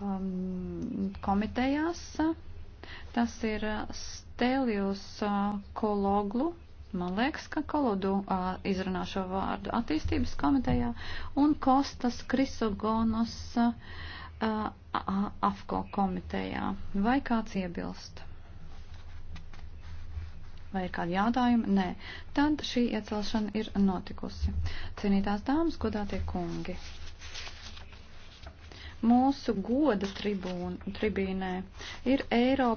um, komitejās. Tas ir Stelius uh, Kologlu, man liekas, ka Kolodu uh, izrunā šo vārdu attīstības komitejā, un Kostas Krisogonos uh, uh, AFKO komitejā. Vai kāds iebilst? Vai ir kādi jautājumi? Nē. Tad šī iecelšana ir notikusi. Cienītās dāmas, godātie kungi. Mūsu goda tribūn, tribīnē ir Eiropa.